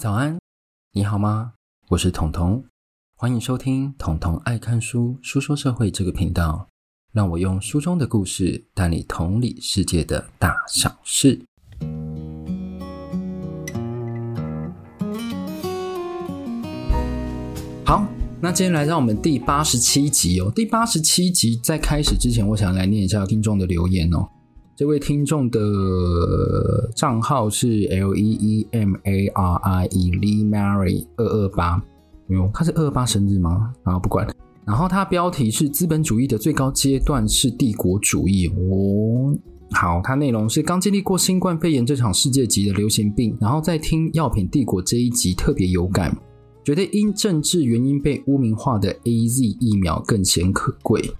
早安，你好嗎？我是統統，歡迎收聽《統統愛看書：書說社會》這個頻道，讓我用書中的故事帶你同理世界的大小事。好，那今天來到我們第八十七集哦。第八十七集在開始之前，我想來念一下聽眾的留言哦。這位聽眾的賬號是 L E E M A R I E Lee Marie 二二八。喲，他是二八生日嗎？啊，不管。然後他標題是“資本主義的最高階段是帝國主義”。哦，好，他內容是剛經歷過新冠肺炎這場世界級的流行病，然後在聽《藥品帝國》這一集特別有感，覺得因政治原因被污名化的 A Z 疫苗更顯可貴。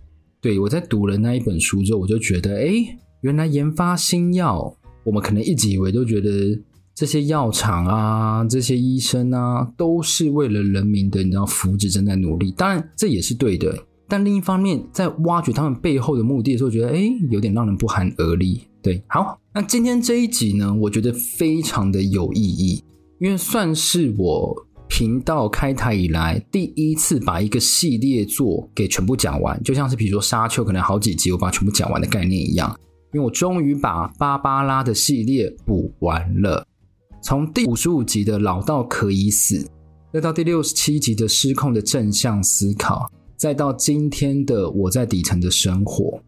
對，我在讀了那一本書之後，我就覺得，哎。原來研發新藥，我們可能一直以為都覺得這些藥廠啊、這些醫生啊，都是為了人民的你知道福祉正在努力。當然這也是對的，但另一方面，在挖掘他們背後的目的的時候，覺得哎，有點讓人不寒而栗。對，好，那今天這一集呢，我覺得非常的有意義，因為算是我頻道開台以來第一次把一個系列作給全部講完，就像是比如說《沙丘》可能好幾集，我把它全部講完的概念一樣。因為我終於把芭芭拉的系列補完了，從第五十五集的“老到可以死”，再到第六十七集的“失控的正向思考”，再到今天的“我在底層的生活”，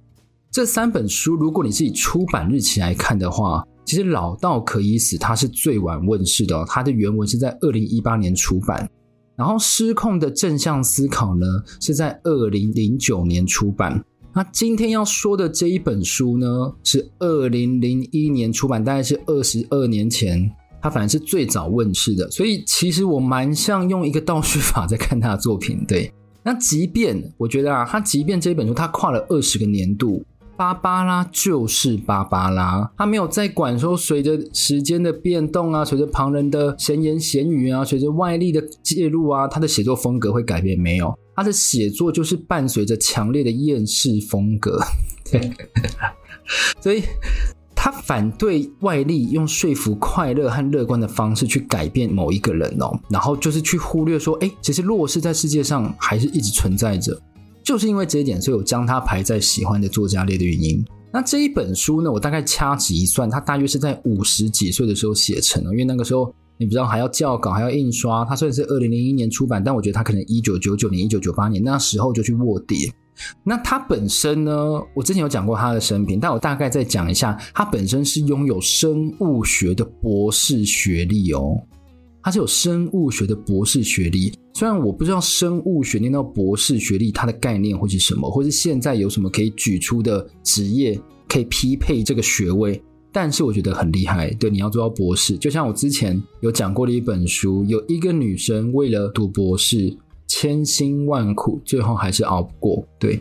這三本書，如果你是以出版日期來看的話，其實“老到可以死”它是最晚問世的哦。它的原文是在二零一八年出版，然後“失控的正向思考”呢是在二零零九年出版。那今天要說的這一本書呢，是二零零一年出版，大概是二十二年前，它反而是最早問世的。所以其實我蠻像用一個倒敘法在看他的作品。對，那即便我覺得啊，他即便這一本書，他跨了二十個年度，芭芭拉就是芭芭拉，他沒有在管說隨着時間的變動啊，隨着旁人的閒言閒語啊，隨着外力的介入啊，他的寫作風格會改變沒有？他的寫作就是伴隨着強烈的厭世風格， 所以他反對外力用說服快樂和樂觀的方式去改變某一個人哦、喔，然後就是去忽略說，哎，其實弱勢在世界上還是一直存在着，就是因為這一點，所以我將他排在喜歡的作家列的原因。那這一本書呢，我大概掐指一算，他大約是在五十幾歲的時候寫成的，喔，因為那個時候。你不知道還要校稿，還要印刷。他雖然是二零零一年出版，但我覺得他可能一九九九年、一九九八年那時候就去臥底。那他本身呢？我之前有講過他的生平，但我大概再講一下。他本身是擁有生物學的博士學歷哦，他是有生物學的博士學歷。雖然我不知道生物學念到博士學歷，它的概念會是什麼，或是現在有什麼可以舉出的職業可以匹配這個學位。但是我覺得很厲害，對，你要做到博士，就像我之前有講過的一本書，有一個女生為了讀博士，千辛萬苦，最後還是熬不過。對，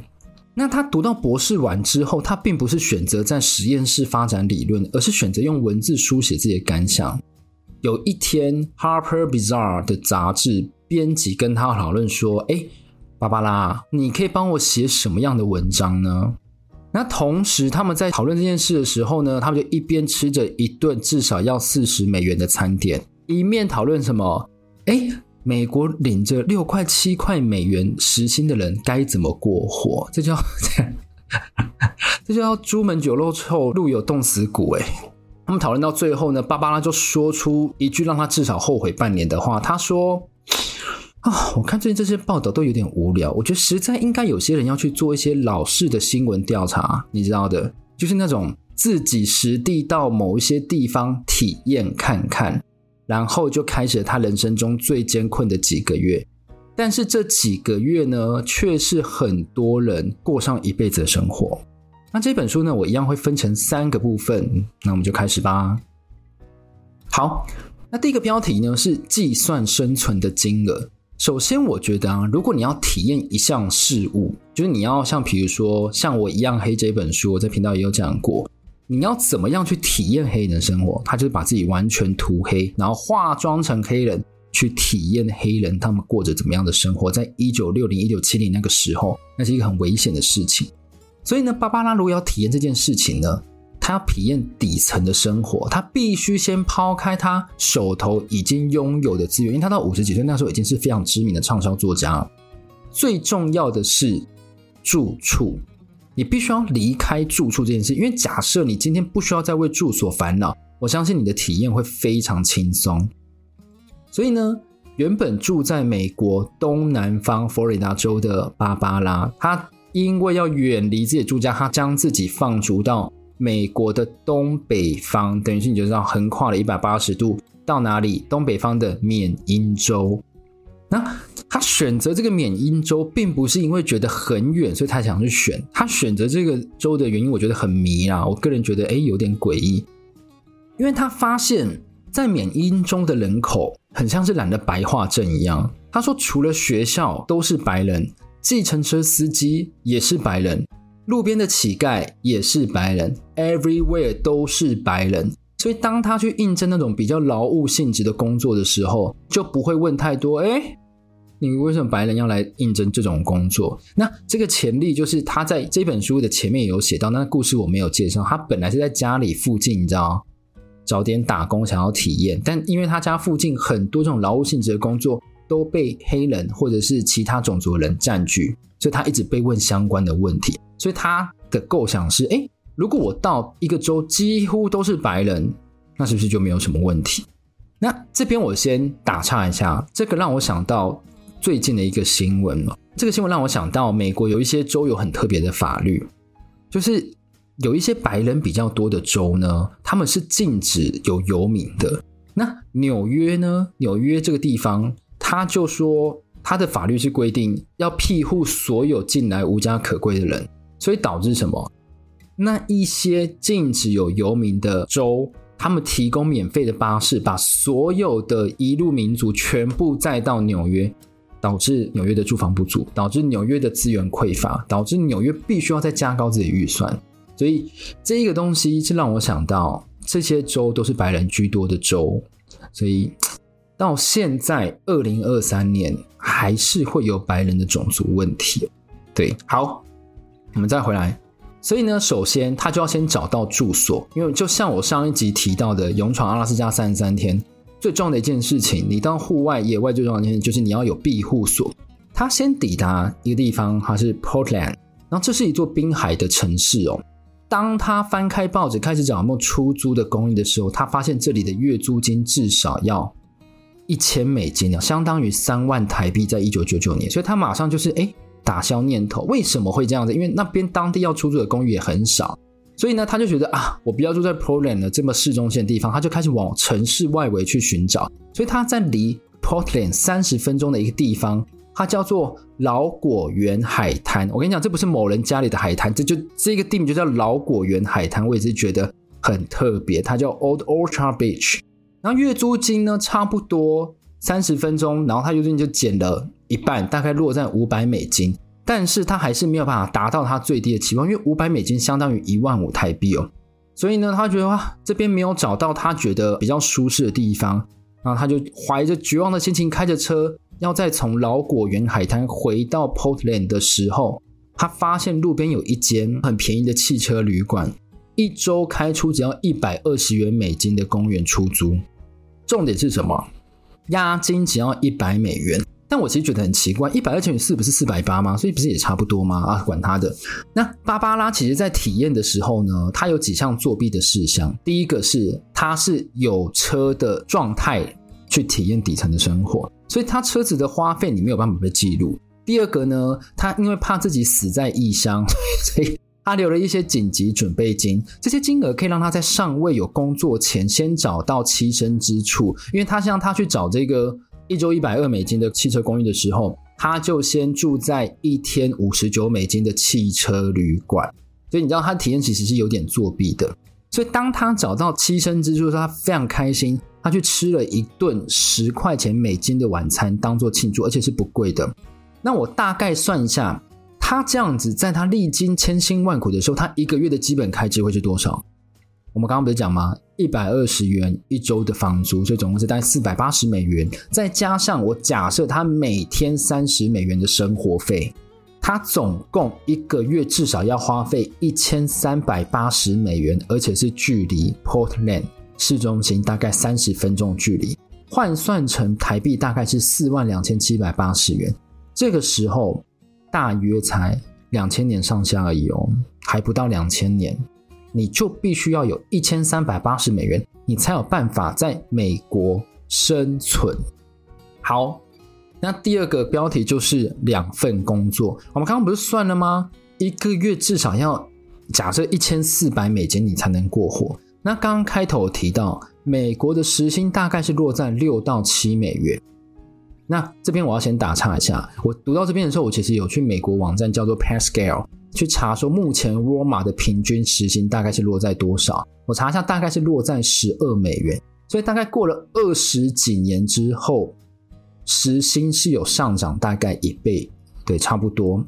那她讀到博士完之後，她並不是選擇在實驗室發展理論，而是選擇用文字書寫自己的感想。有一天，《Harper Bazaar》的雜誌編輯跟她討論說：“哎，芭芭拉，你可以幫我寫什麼樣的文章呢？”那同時，他們在討論這件事的時候呢，他們就一邊吃着一頓至少要四十美元的餐點，一面討論什麼？哎，美國領着六塊七塊美元時薪的人該怎麼過活？這叫，呵呵，這叫朱門酒肉臭，路有凍死骨。哎，他們討論到最後呢，芭芭拉就說出一句讓他至少後悔半年的話。他說。啊、哦，我看最近這些報道都有點無聊，我覺得實在應該有些人要去做一些老式的新聞調查，你知道的，就是那種自己實地到某一些地方體驗看看。然後就開始他人生中最艱困的幾個月，但是這幾個月呢，卻是很多人過上一輩子的生活。那這本書呢，我一樣會分成三個部分，那我們就開始吧。好，那第一個標題呢，是計算生存的金額。首先，我覺得啊，如果你要體驗一項事物，就是你要像，比如說像我一樣黑這本書，我在頻道也有講過，你要怎麼樣去體驗黑人生活？他就是把自己完全塗黑，然後化妝成黑人去體驗黑人，他們過着怎麼樣的生活？在一九六零，一九七零那個時候，那是一個很危險的事情，所以呢，芭芭拉如果要體驗這件事情呢？他體驗底層的生活，他必須先拋開他手頭已經擁有的資源，因為他到五十幾歲那時候已經是非常知名的暢銷作家。最重要的是住處，你必須要離開住處這件事。因為假設你今天不需要再為住所煩惱，我相信你的體驗會非常輕鬆。所以呢，原本住在美國東南方佛羅里達州的芭芭拉，她因為要遠離自己的住家，她將自己放逐到。美國的東北方，等於是你就知道橫跨了一百八十度到哪裡？東北方的緬因州。那他選擇這個緬因州，並不是因為覺得很遠，所以他想去選。他選擇這個州的原因，我覺得很迷啊！我個人覺得，誒，有點詭異，因為他發現，在緬因州的人口很像是染了白化症一樣。他說，除了學校都是白人，計程車司機也是白人。路邊的乞丐也是白人，everywhere 都是白人，所以當他去應徵那種比較勞務性質的工作的時候，就不會問太多。哎，你為什麼白人要來應徵這種工作？那這個潛力就是他在這本書的前面也有寫到，那個、故事我沒有介紹。他本來是在家裡附近，你知道，找點打工想要體驗，但因為他家附近很多這種勞務性質的工作。都被黑人或者是其他種族的人佔據，所以他一直被問相關的問題。所以他的構想是，哎、欸，如果我到一個州幾乎都是白人，那是不是就沒有什麼問題？那這邊我先打岔一下，這個讓我想到最近的一個新聞嘛。這個新聞讓我想到美國有一些州有很特別的法律，就是有一些白人比較多的州呢，他們是禁止有遊民的。那紐約呢？紐約這個地方。他就說，他的法律是規定要庇護所有進來無家可歸的人，所以導致什麼？那一些禁止有游民的州，他們提供免費的巴士，把所有的一路民族全部載到紐約，導致紐約的住房不足，導致紐約的資源匱乏，導致紐約必須要再加高自己預算。所以這個東西是讓我想到，這些州都是白人居多的州，所以。到現在二零二三年，還是會有白人的種族問題。對，好，我們再回來。所以呢，首先他就要先找到住所，因為就像我上一集提到的，《勇闖阿拉斯加三十三天》最重要的一件事情，你到戶外野外最重要一件事就是你要有庇護所。他先抵達一個地方，他是 Portland，然後這是一座濱海的城市哦。當他翻開報紙開始找有沒有出租的公寓的時候，他發現這裡的月租金至少要。一千美金啊，相當於三萬台幣，在一九九九年，所以他馬上就是誒打消念頭。為什麼會這樣子？因為那邊當地要出租的公寓也很少，所以呢，他就覺得啊，我不要住在 Portland 的這麼市中心的地方，他就開始往城市外圍去尋找。所以他在離 Portland 三十分鐘的一個地方，它叫做老果園海灘。我跟你講，這不是某人家裡的海灘，這就這個地名就叫老果園海灘，我也是覺得很特別。它叫 Old Orchard Beach。然後月租金呢，差不多三十分鐘，然後他就租就減了一半，大概落在五百美金，但是他還是沒有辦法達到他最低的期望，因為五百美金相當於一萬五台幣哦，所以呢，他覺得啊，這邊沒有找到他覺得比較舒適的地方，然後他就懷着絕望的心情開着車，要再從老果園海灘回到 Portland 的時候，他發現路邊有一間很便宜的汽車旅館，一周開出只要一百二十元美金的公園出租。重點是什麼？押金只要一百美元，但我其實覺得很奇怪，一百二乘以四不是四百八嗎？所以不是也差不多嗎？啊，管他的。那芭芭拉其實在體驗的時候呢，她有幾項作弊的事項。第一個是她是有車的狀態去體驗底層的生活，所以她車子的花費你沒有辦法被記錄。第二個呢，她因為怕自己死在異鄉，所以。他留了一些緊急準備金，這些金額可以讓他在尚未有工作前先找到棲身之處。因為他像他去找這個一周一百二美金的汽車公寓的時候，他就先住在一天五十九美金的汽車旅館。所以你知道他體驗其實是有點作弊的。所以當他找到棲身之處的時候，他非常開心。他去吃了一頓十塊錢美金的晚餐，當做慶祝，而且是不貴的。那我大概算一下。他這樣子，在他歷經千辛萬苦的時候，他一個月的基本開支會是多少？我們剛剛不是講嗎？一百二十元一周的房租，所以總共是大概四百八十美元，再加上我假設他每天三十美元的生活費，他總共一個月至少要花費一千三百八十美元，而且是距離 Portland 市中心大概三十分鐘的距離，換算成台幣大概是四萬兩千七百八十元。這個時候。大約才兩千年上下而已哦，還不到兩千年，你就必須要有一千三百八十美元，你才有辦法在美國生存。好，那第二個標題就是兩份工作。我們剛剛不是算了嗎？一個月至少要假設一千四百美金，你才能過活。那剛剛開頭提到，美國的時薪大概是落在六到七美元。那這邊我要先打岔一下，我讀到這邊的時候，我其實有去美國網站叫做 PayScale 去查，說目前沃爾瑪的平均時薪大概是落在多少？我查一下，大概是落在十二美元。所以大概過了二十幾年之後，時薪是有上漲，大概一倍，對，差不多。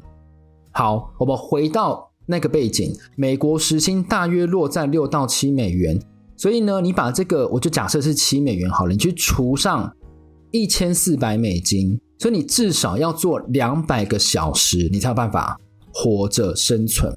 好，我們回到那個背景，美國時薪大約落在六到七美元。所以呢，你把這個，我就假設是七美元好了，你去除上。一千四百美金，所以你至少要做兩百個小時，你才有辦法活着生存。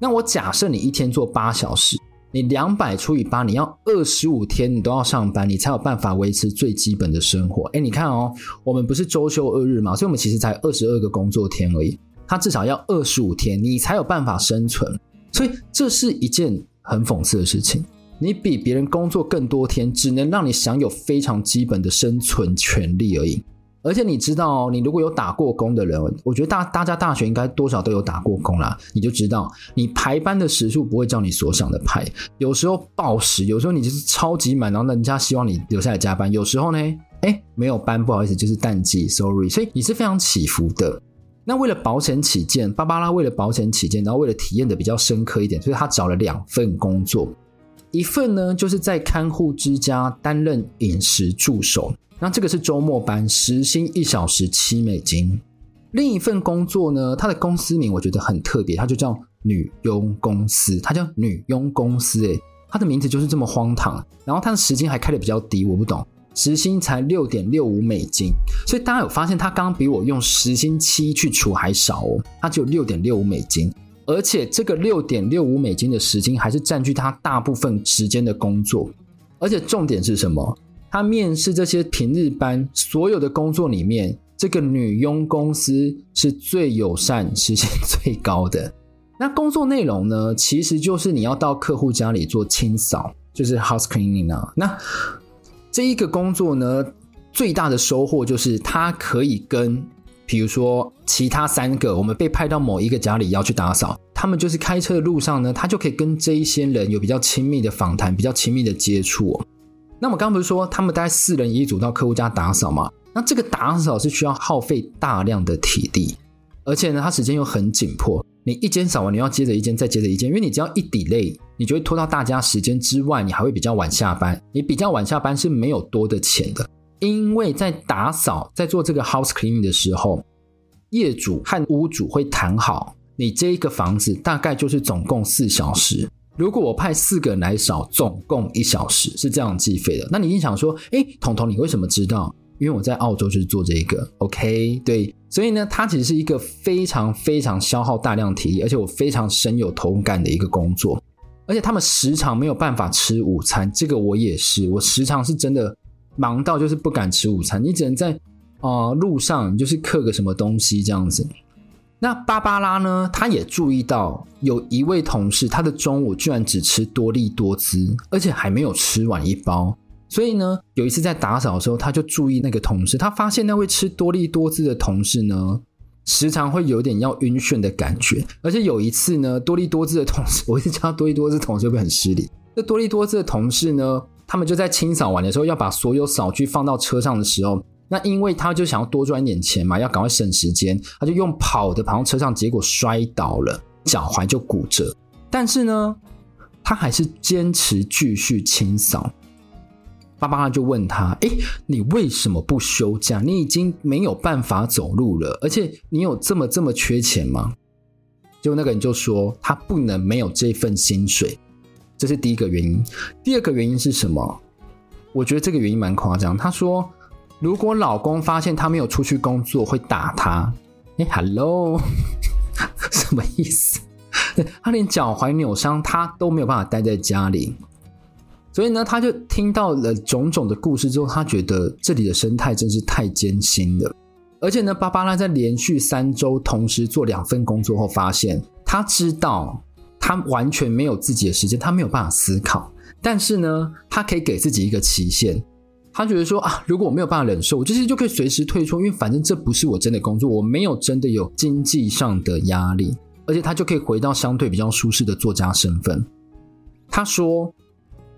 那我假設你一天做八小時，你兩百除以八，你要二十五天你都要上班，你才有辦法維持最基本的生活。哎，你看哦，我們不是周休二日嘛，所以我們其實才二十二個工作天而已。他至少要二十五天，你才有辦法生存。所以這是一件很諷刺的事情。你比別人工作更多天，只能讓你享有非常基本的生存權利而已。而且你知道哦，你如果有打過工的人，我覺得大大家大學應該多少都有打過工啦，你就知道，你排班的時數不會照你所想的排，有時候爆時，有時候你就是超級滿，然後人家希望你留下來加班，有時候呢，哎，沒有班，不好意思，就是淡季，sorry。所以你是非常起伏的。那為了保險起見，芭芭拉為了保險起見，然後為了體驗得比較深刻一點，所以他找了兩份工作。一份呢，就是在看護之家擔任飲食助手，那這個是週末班，時薪一小時七美金。另一份工作呢，它的公司名我覺得很特別，它就叫女傭公司，它叫女傭公司、欸，哎，它的名字就是這麼荒唐。然後它的時薪還開得比較低，我不懂，時薪才六點六五美金。所以大家有發現，它剛剛比我用時薪七去除還少哦，它只有六點六五美金。而且這個六點六五美金的時薪還是佔據他大部分時間的工作，而且重點是什麼？他面試這些平日班所有的工作裡面，這個女傭公司是最友善、時薪最高的。那工作內容呢？其實就是你要到客戶家裡做清掃，就是 house cleaning 啊。那這一個工作呢，最大的收穫就是它可以跟。比如說，其他三個我們被派到某一個家裡要去打掃，他們就是開車的路上呢，他就可以跟這一些人有比較親密的訪談，比較親密的接觸。那我剛剛不是說他們帶四人一組到客戶家打掃嗎？那這個打掃是需要耗費大量的體力，而且呢，他時間又很緊迫。你一間掃完，你要接着一間，再接着一間，因為你只要一 delay，你就會拖到大家時間之外，你還會比較晚下班。你比較晚下班是沒有多的錢的。因為在打掃、在做這個 house cleaning 的時候，業主和屋主會談好，你這一個房子大概就是總共四小時。如果我派四個人來掃，總共一小時是這樣計費的。那你一定想說，哎，統統，你為什麼知道？因為我在澳洲就是做這一個，OK，對。所以呢，它其實是一個非常非常消耗大量體力，而且我非常深有同感的一個工作。而且他們時常沒有辦法吃午餐，這個我也是，我時常是真的。忙到就是不敢吃午餐，你只能在啊、呃、路上，你就是嗑個什麼東西這樣子。那芭芭拉呢？她也注意到有一位同事，他的中午居然只吃多力多滋，而且還沒有吃完一包。所以呢，有一次在打掃的時候，他就注意那個同事，他發現那位吃多力多滋的同事呢，時常會有點要暈眩的感覺。而且有一次呢，多力多滋的同事，我一直叫多力多滋同事會不會很失禮？那多力多滋的同事呢？他們就在清掃完的時候，要把所有掃具放到車上的時候，那因為他就想要多賺一點錢嘛，要趕快省時間，他就用跑的跑到車上，結果摔倒了，腳踝就骨折。但是呢，他還是堅持繼續清掃。芭芭拉就問他：“誒，你為什麼不休假？你已經沒有辦法走路了，而且你有這麼這麼缺錢嗎？”結果那個人就說：“他不能沒有這份薪水。”這是第一個原因，第二個原因是什麼？我覺得這個原因蠻誇張。他說，如果老公發現他沒有出去工作，會打他。哎，Hello， 什麼意思？他連腳踝扭傷，他都沒有辦法待在家裡。所以呢，他就聽到了種種的故事之後，他覺得這裡的生態真是太艱辛了。而且呢，芭芭拉在連續三周同時做兩份工作後，發現他知道。他完全沒有自己的時間，他沒有辦法思考。但是呢，他可以給自己一個期限。他覺得說啊，如果我沒有辦法忍受，我這些就可以隨時退出，因為反正這不是我真的工作，我沒有真的有經濟上的壓力，而且他就可以回到相對比較舒適的作家身份。他說，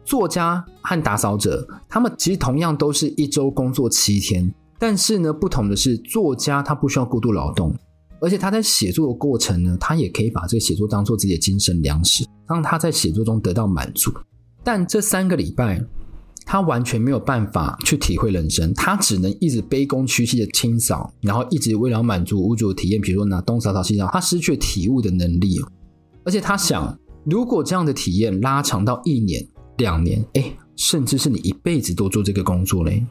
作家和打掃者，他們其實同樣都是一周工作七天，但是呢，不同的是，作家他不需要過度勞動。而且他在寫作的過程呢，他也可以把這個寫作當做自己的精神糧食，讓他在寫作中得到滿足。但這三個禮拜，他完全沒有辦法去體會人生，他只能一直卑躬屈膝的清掃，然後一直為了滿足屋主的體驗，比如說拿東掃掃西掃，他失去體悟的能力哦。而且他想，如果這樣的體驗拉長到一年、兩年，誒，甚至是你一輩子都做這個工作嘞。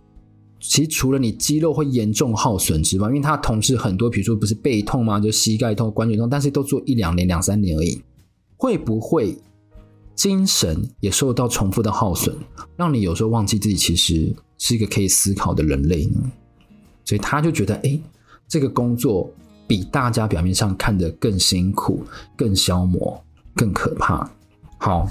其實除了你肌肉會嚴重耗損之外，因為他的同事很多比如說不是背痛嗎？就膝蓋痛、關節痛，但是都做一兩年、兩三年而已，會不會精神也受到重複的耗損，讓你有時候忘記自己其實是一個可以思考的人類呢？所以他就覺得，哎、欸，這個工作比大家表面上看的更辛苦、更消磨、更可怕。好，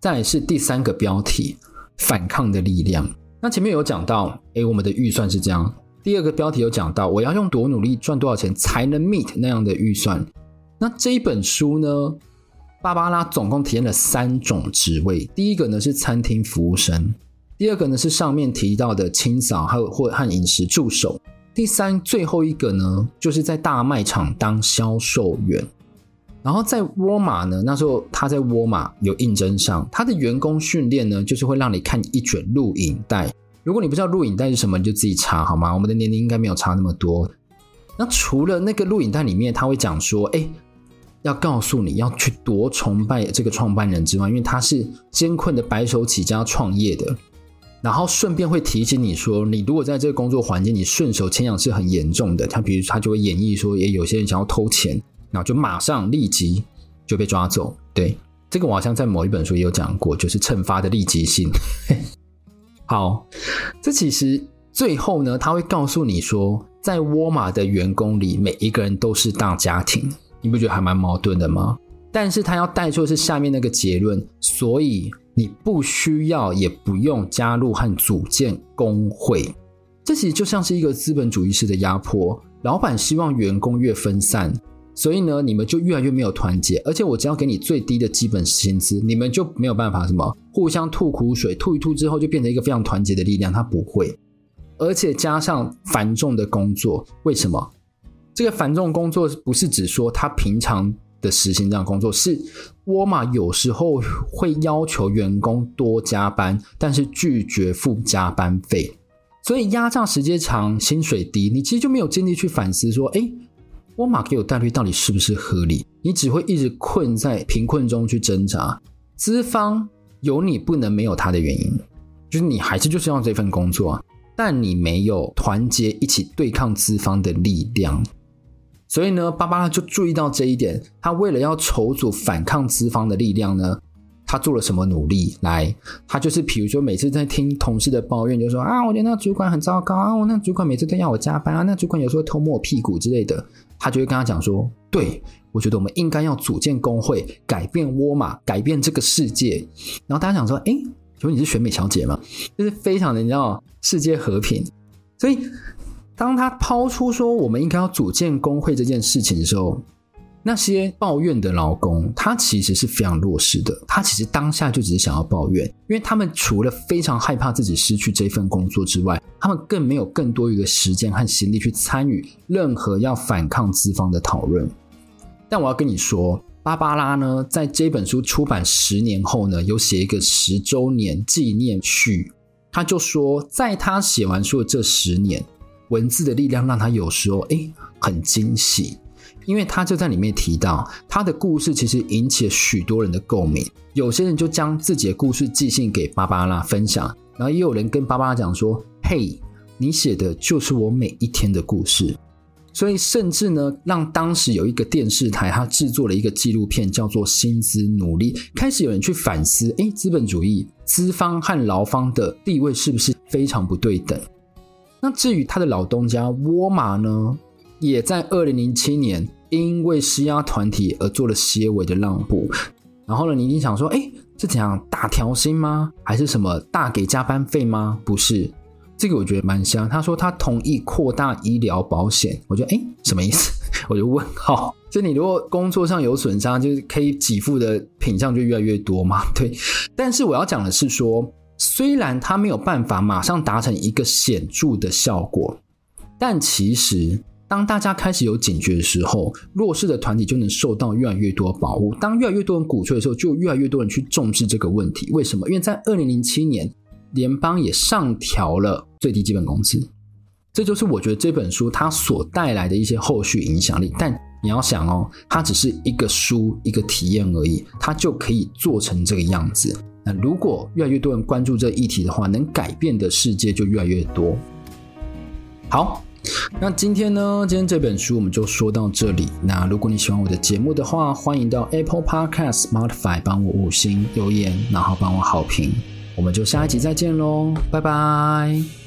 再來是第三個標題：反抗的力量。那前面有講到，哎、欸，我們的預算是這樣。第二個標題有講到，我要用多努力賺多少錢才能 meet 那樣的預算。那這一本書呢，芭芭拉總共體驗了三種職位。第一個呢是餐廳服務生，第二個呢是上面提到的清掃和，還有或和飲食助手。第三最後一個呢，就是在大賣場當銷售員。然後在沃爾瑪呢，那時候他在沃爾瑪有應徵上，他的員工訓練呢，就是會讓你看一卷錄影帶。如果你不知道錄影帶是什麼，你就自己查好嗎？我們的年齡應該沒有差那麼多。那除了那個錄影帶裡面，他會講說，哎，要告訴你要去多崇拜這個創辦人之外，因為他是艱困的白手起家創業的。然後順便會提醒你說，你如果在這個工作環境，你順手牽羊是很嚴重的。他比如他就會演繹說，也有些人想要偷錢。然後就馬上立即就被抓走，對。這個我好像在某一本書也有講過，就是懲罰的立即性。 好，這其實最後呢，他會告訴你說，在沃爾瑪的員工裡，每一個人都是大家庭，你不覺得還蠻矛盾的嗎？但是他要帶出的是下面那個結論，所以你不需要也不用加入和組建工會，這其實就像是一個資本主義式的壓迫，老板希望員工越分散。所以呢，你們就越來越沒有團結，而且我只要給你最低的基本薪資，你們就沒有辦法什麼互相吐苦水，吐一吐之後就變成一個非常團結的力量，他不會。而且加上繁重的工作，為什麼？這個繁重工作不是指說他平常的時薪這樣的工作，是沃爾瑪有時候會要求員工多加班，但是拒絕付加班費，所以壓榨時間長，薪水低，你其實就沒有精力去反思說，哎。沃瑪給我的待遇到底是不是合理？你只會一直困在貧困中去掙扎。資方有你不能沒有他的原因，就是你還是就是要這份工作，但你沒有團結一起對抗資方的力量。所以呢，芭芭拉就注意到這一點。他為了要籌組反抗資方的力量呢，他做了什麼努力？來，他就是比如說每次在聽同事的抱怨，就說啊，我覺得那主管很糟糕啊，我那主管每次都要我加班啊，那主管有時候偷摸我屁股之類的。他就會跟他講說，對，我覺得我們應該要組建工會，改變沃爾瑪，改變這個世界。然後大家講說，誒、欸，請問你是選美小姐嗎？就是非常的你知道，世界和平。所以當他拋出說我們應該要組建工會這件事情的時候，那些抱怨的勞工，他其實是非常弱勢的。他其實當下就只是想要抱怨，因為他們除了非常害怕自己失去這份工作之外，他們更沒有更多餘的時間和心力去參與任何要反抗資方的討論。但我要跟你說，芭芭拉呢，在這本書出版十年後呢，有寫一個十週年紀念序，他就說，在他寫完書的這十年，文字的力量讓他有時候哎很驚喜。因為他就在裡面提到，他的故事其實引起了許多人的共鳴，有些人就將自己的故事寄信給芭芭拉分享，然後也有人跟芭芭拉講說：“嘿，你寫的就是我每一天的故事。”所以甚至呢，讓當時有一個電視台，他制作了一個紀錄片，叫做《薪資努力》，開始有人去反思：誒，資本主義，資方和勞方的地位是不是非常不對等？那至於他的老東家沃瑪呢？也在二零零七年因為施壓團體而做了些微的讓步，然後呢，你一定想說，哎，這怎樣大調薪嗎？還是什麼大給加班費嗎？不是，這個我覺得蠻香。他說他同意擴大醫療保險，我覺得，哎，什麼意思？我就問號。就你如果工作上有損傷，就是可以給付的品項就越來越多嘛？對。但是我要講的是說，雖然他沒有辦法馬上達成一個顯著的效果，但其實。當大家開始有警覺的時候，弱勢的團體就能受到越來越多的保護。當越來越多人鼓吹的時候，就越來越多人去重視這個問題。為什麼？因為在二零零七年，聯邦也上調了最低基本工資。這就是我覺得這本書它所帶來的一些後續影響力。但你要想哦，它只是一個書、一個體驗而已，它就可以做成這個樣子。那如果越來越多人關注這議題的話，能改變的世界就越來越多。好。那今天呢？今天這本書我們就說到這裡。那如果你喜歡我的節目的話，歡迎到 Apple Podcast、Spotify 幫我五星留言，然後幫我好評。我們就下一集再見嘍，拜拜。